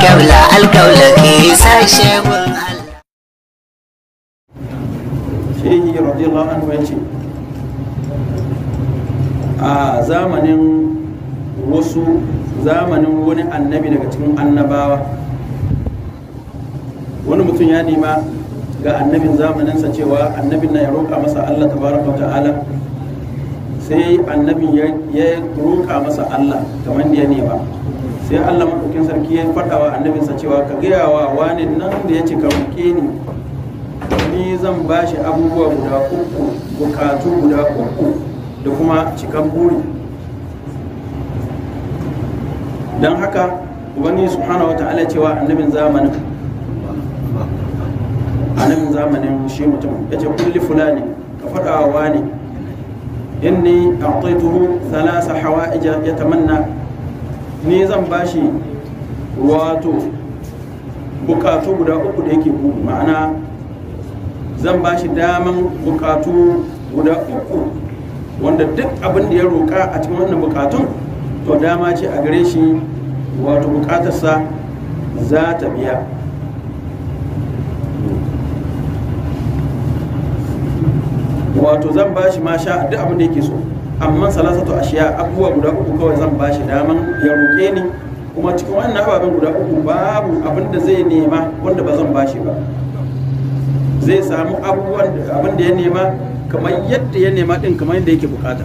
alkaula alkaula ke sa shegun Allah shehi radiyallahu anhu yace a zamanin wasu zamanin wani annabi daga cikin annabawa wani mutum ya nema ga annabin zamaninsa cewa annabin na ya roƙa masa Allah ta tabaraka ta'ala sai annabin ya roƙa masa Allah kamar da ya nema sai allah maɗaukin sarki ya faɗa wa sa cewa ka gaya wa wani nan da ya ce ka roƙe ni ni zan ba shi abubuwa guda uku bukatu guda uku da kuma cikan buri don haka su subhanahu wa ta'ala cewa annabin zamanin annabin zamanin shi mutum ya ce kulli fulani ka faɗa wa wani inni hawa thalatha hawa'ija tamanna ni zan bashi wato bukatu guda uku da yake bugu ma'ana zan bashi daman bukatu guda uku wanda duk abin da ya roƙa a cikin wannan bukatun to dama ce a gare shi wato bukatarsa za ta biya wato zan bashi masha duk abin da yake so amma salasatu ashiya abubuwa guda uku kawai zan ba shi daman ya roƙe ni kuma cikin wannan ababen guda uku babu abin da zai nema wanda ba zan ba shi ba zai samu abubuwan abin da ya nema kamar yadda ya nema din kamar yadda yake bukata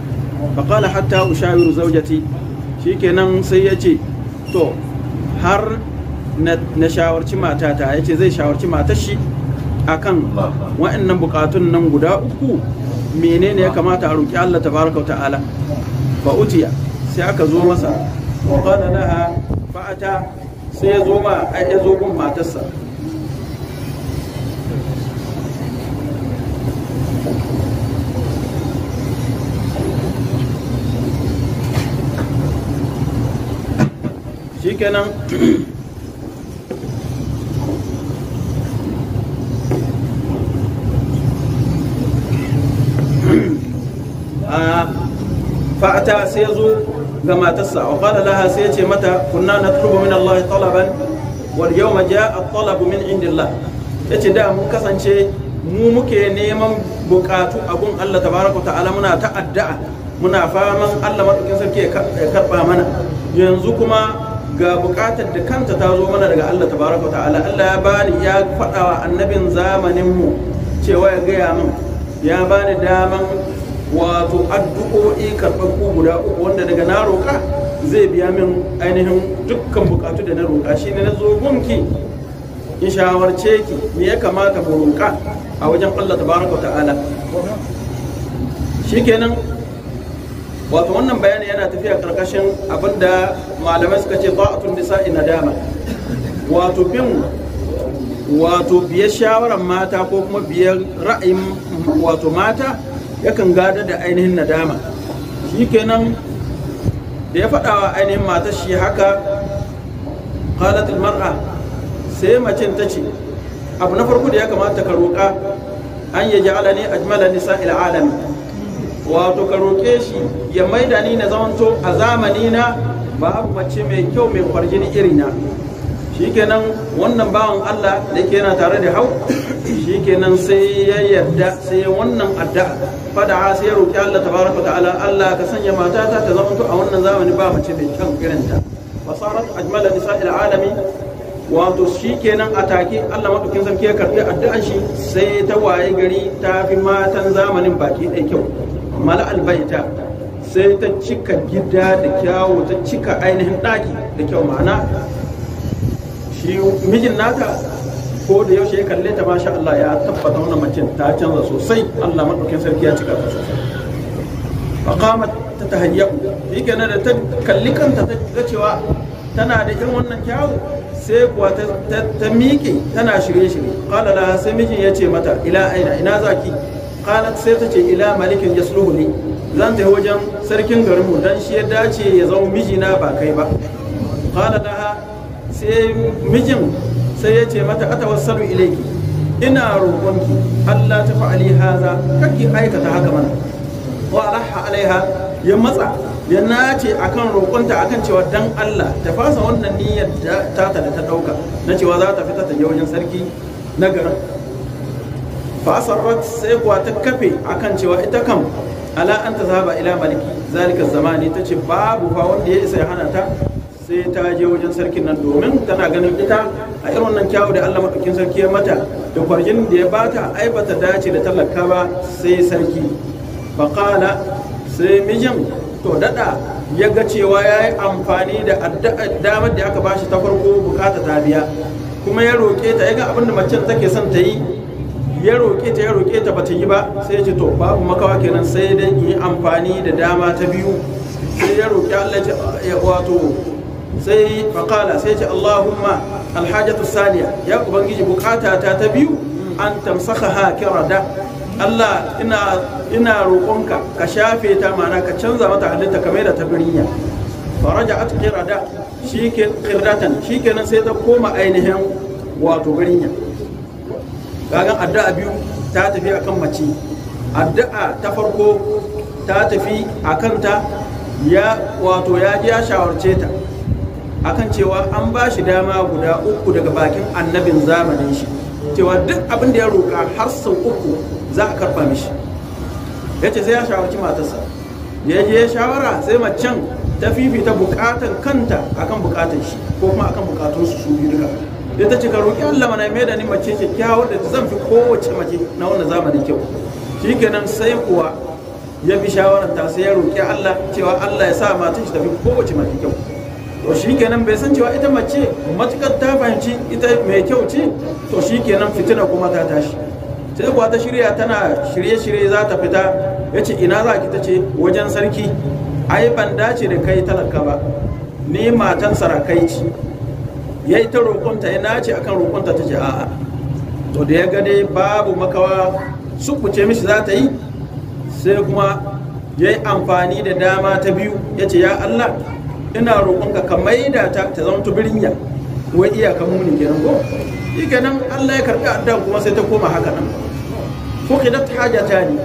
faqala hatta ushawiru zawjati shikenan sai ya ce to har na shawarci matata ya ce zai shawarci matar shi akan wa'annan bukatun nan guda uku menene ya kamata a roƙi Allah tabaraka ta'ala fa utiya sai aka zo masa wa qala laha sai ya zo ma ai ya zo gun matarsa shikenan mata sai ya zo ga matarsa wa qala laha sai ya ce mata kunna natlubu min Allah talaban wal yawma jaa at-talabu min indillah yace da mun kasance mu muke neman bukatu abun Allah tabaraka ta'ala muna ta'adda'a addu'a muna faman Allah madaukin sarki ya karba mana yanzu kuma ga bukatar da kanta ta zo mana daga Allah tabaraka ta'ala Allah ya bani ya faɗa wa annabin zamanin mu cewa ya gaya min ya bani daman wato addu'o'i ku guda uku wanda daga na roƙa zai biya min ainihin dukkan bukatu da na roƙa shi ne na zo gunki in shawarce ki me ya kamata mu roƙa a wajen Allah tabaraka ta'ala shikenan wato wannan bayani yana tafiya karkashin abinda malamai suka ce ba'atun nisa'i nadama wato bin wato biyar shawaran mata ko kuma biyar ra'ayin wato mata yakan gada da ainihin nadama shi kenan da ya faɗawa ainihin matar shi haka halatul mar'a sai macen ta ce abu na farko da ya kamata ka roƙa an ya ja'ala a ajmala nisa il'alami wato ka roƙe shi ya maida ni na zamanto a zamani na babu mace mai kyau mai kwarjini irina shikenan wannan bawan Allah da yake yana tare da hau shikenan sai ya yarda sai wannan adda fada sai ya roki Allah tabaraka ta'ala Allah ka sanya matata ta zama a wannan zamani ba mace mai kyan wa sarat ajmala nisa'il alami wato shi kenan a take Allah maɗaukin sarki ya karbi addu'an shi sai ta waye gari ta fi matan zamanin baki ɗaya kyau mala albaita sai ta cika gida da kyawu ta cika ainihin ɗaki da kyau ma'ana mijin nata ko da yaushe ya kalle ta masha Allah ya tabbata wannan macen ta canza sosai Allah madaukakin sarki ya cika ta sosai faqamat ta tahayyu na da ta kalli kanta ta cewa tana da irin wannan kyawu sai kuwa ta miƙe tana shirye-shirye ƙala la sai mijin ya ce mata ila aina ina zaki ƙala sai ta ce ila malikin ya ne zan yi wajen sarkin garinmu don shi ya dace ya zama mijina ba kai ba ƙala la sai mijin sai ya ce mata atawassalu ilayki ina roƙonki Allah ta fa'ali haza kake aikata haka mana wa alaha alaiha ya matsa ya nace akan roƙonta akan cewa dan Allah ta fasa wannan niyyar ta ta da ta dauka na cewa za ta fita ta je wajen sarki na garin fasarrat sai kuwa ta kafe akan cewa ita kam ala an ta zaba ila maliki zalika zamani tace babu fa wanda ya isa ya hana ta sai ta je wajen sarkin nan domin tana ganin ita a irin wannan kyawu da Allah madaukin sarki ya mata da kwarjin da ya bata ai bata dace da talaka ba sai sarki faqala sai mijin to dada ya ga cewa ya yi amfani da damar da aka bashi ta farko bukata ta biya kuma ya roƙe ta ga abin da macen take son ta yi ya roƙe ta ya roƙe ta bata yi ba sai ya ce to babu makawa kenan sai dai yi amfani da dama ta biyu sai ya roki Allah ya wato sai faƙala sai ce Allahumma alhajatu saniya ya ubangiji bukata ta ta biyu an tamsaka ha rada Allah ina roƙonka ka shafe ta mana ka canza mata halitta kamar da ta birniya faraja at kirada shike kirdatan nan sai ta koma ainihin wato birniya Gagan addu'a biyu ta tafi a kan mace addu'a ta farko ta tafi a kanta ya wato ya ji ya shawarce ta akan cewa an ba shi dama guda uku daga bakin annabin zamanin shi cewa duk abin da ya roƙa har sau uku za a karɓa mishi ya ce sai ya shawarci matarsa ya je shawara sai macen ta fifita bukatan kanta akan bukatan shi ko kuma akan bukatun su su biyu duka ya ta ce ka roƙi Allah mana mai da ni mace kyakkyawar da zan fi kowace mace na wannan zamanin kyau shikenan sai kuwa ya bi shawarar ta sai ya roƙi Allah cewa Allah ya sa matar shi fi kowace mace kyau to shi kenan bai san cewa ita mace matukar ta fahimci ita mai kyau ce to shi kenan fitina kuma ta tashi sai kuwa ta shirya tana shirye-shirye za ta fita ya ce ina za ki ta ce wajen sarki ai ban dace da kai talaka ba ni matan sarakai ce ya yi ta roƙonta ya nace akan roƙonta ta ce a'a to da ya ga babu makawa sukuce mishi za ta yi sai kuma ya yi amfani da dama ta biyu ya ce ya allah ina roƙonka ka maida ta ta zama ta birniya wai iyaka muni kenan ko shi kenan Allah ya karɓi addu'a kuma sai ta koma haka nan ta hajatani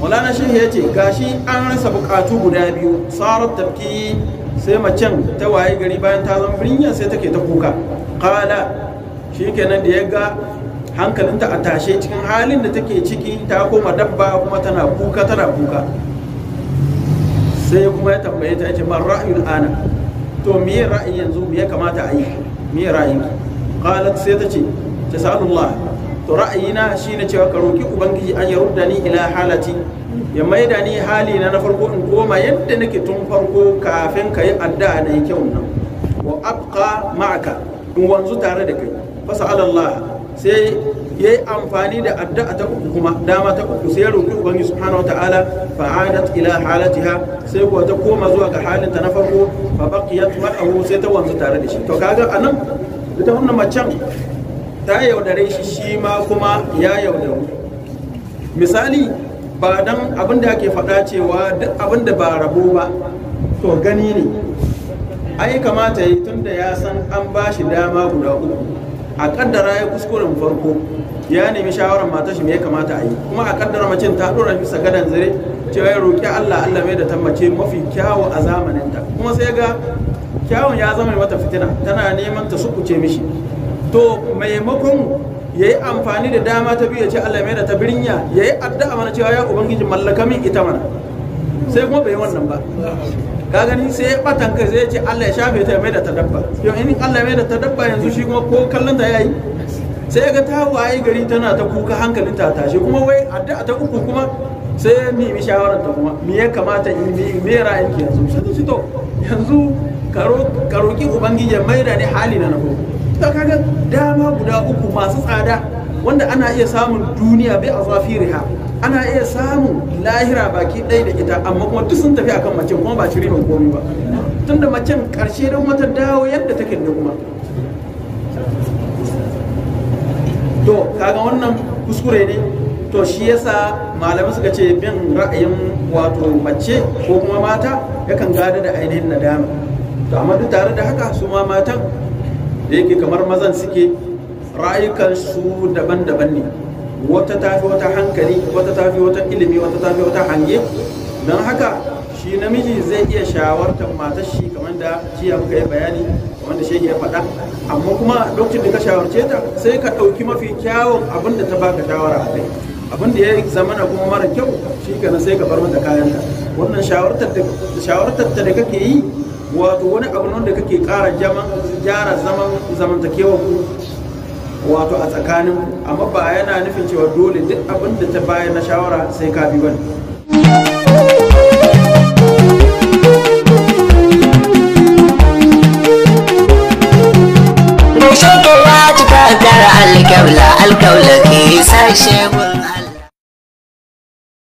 Maulana Shehu ya ce gashi an rasa bukatu guda biyu sarar tafki sai macen ta waye gari bayan ta zama birniya sai take ta kuka kala shikenan da ya ga hankalinta a tashe cikin halin da take ciki ta koma dabba kuma tana kuka tana kuka sai kuma ya tambaye ta yace ma ra'ayin ana to miye ra'ayi yanzu ya kamata a yi miye ra'ayin qalat sai ta ce tasalullah to ra'ayina shine cewa ka roki ubangiji an ya rudda ni ila halati ya maida ni hali na na farko in koma yadda nake tun farko kafin ka yi addu'a na yi kyau nan wa abqa ma'aka in wanzu tare da kai fasa'alallah sai ya yi amfani da addu'a ta uku kuma dama ta uku sai ya roƙi ubangi subhanahu wa ta'ala fa'adat ila ha sai kuwa ta koma zuwa ga halin ta na farko fa baqiyat ma'ahu sai ta wanzu tare da shi to kaga anan ita wani macen ta yaudare shi shi ma kuma ya yaudaru misali ba dan abin da ake faɗa cewa duk abin da ba rabo ba to gani ne ai kamata yi tunda ya san an ba shi dama guda uku a kaddara ya kuskure mu farko ya nemi shawarar matar shi me ya kamata a yi kuma a kaddara macin ta dora bisa gadan zire cewa ya roƙi Allah Allah mai da tammace mafi kyawu a zamanin ta kuma sai ga kyawun ya zama mata fitina tana neman ta sukuce mishi to maimakon ya yi amfani da dama ta biyu ya ce Allah mai da ta birnya ya yi addu'a mana cewa ya ubangiji mallaka min ita mana sai kuma bai wannan ba ka gani sai ya batan kai sai ya ce Allah ya shafe ta mai da dabba yau in Allah ya mai da dabba yanzu shi kuma ko kallon ta yayi sai ga ta waye gari tana ta kuka hankalin ta tashi kuma wai addu'a ta uku kuma sai ya nemi shawarar ta kuma me ya kamata in bi me ra'ayin ki yanzu sai ce to yanzu karo roki ubangiji mai da ni hali na nako to kaga dama guda uku masu tsada wanda ana iya samun duniya bai azafiriha ana iya samun lahira baki ɗaya da ita amma kuma duk sun tafi akan mace kuma ba shiri komi ba ba tunda macen ƙarshe don wata dawo yadda take da kuma to kaga wannan kuskure ne to shi yasa malamai suka ce bin ra'ayin wato mace ko kuma mata yakan gada da ainihin nadama to amma duk tare da haka su ma matan da yake kamar mazan suke ra'ayukan su daban-daban ne wata tafi wata hankali wata tafi wata ilimi wata tafi wata hange don haka shi namiji zai iya shawartar matar shi kamar da jiya muka yi bayani wanda shi ya faɗa amma kuma lokacin da ka shawarce ta sai ka ɗauki mafi kyawun abin da ta baka shawara a kai abin da ya yi zamana kuma mara kyau shi kana sai ka bar mata kayan ta wannan shawartar ta da kake yi wato wani abu wanda kake ƙara jaman gyara zaman zamantakewa wato a tsakanin amma ba yana nufin cewa dole duk abin da ta bayar na shawara sai ka bi bane Shakewa cikakar alkaula alkaula ke sashe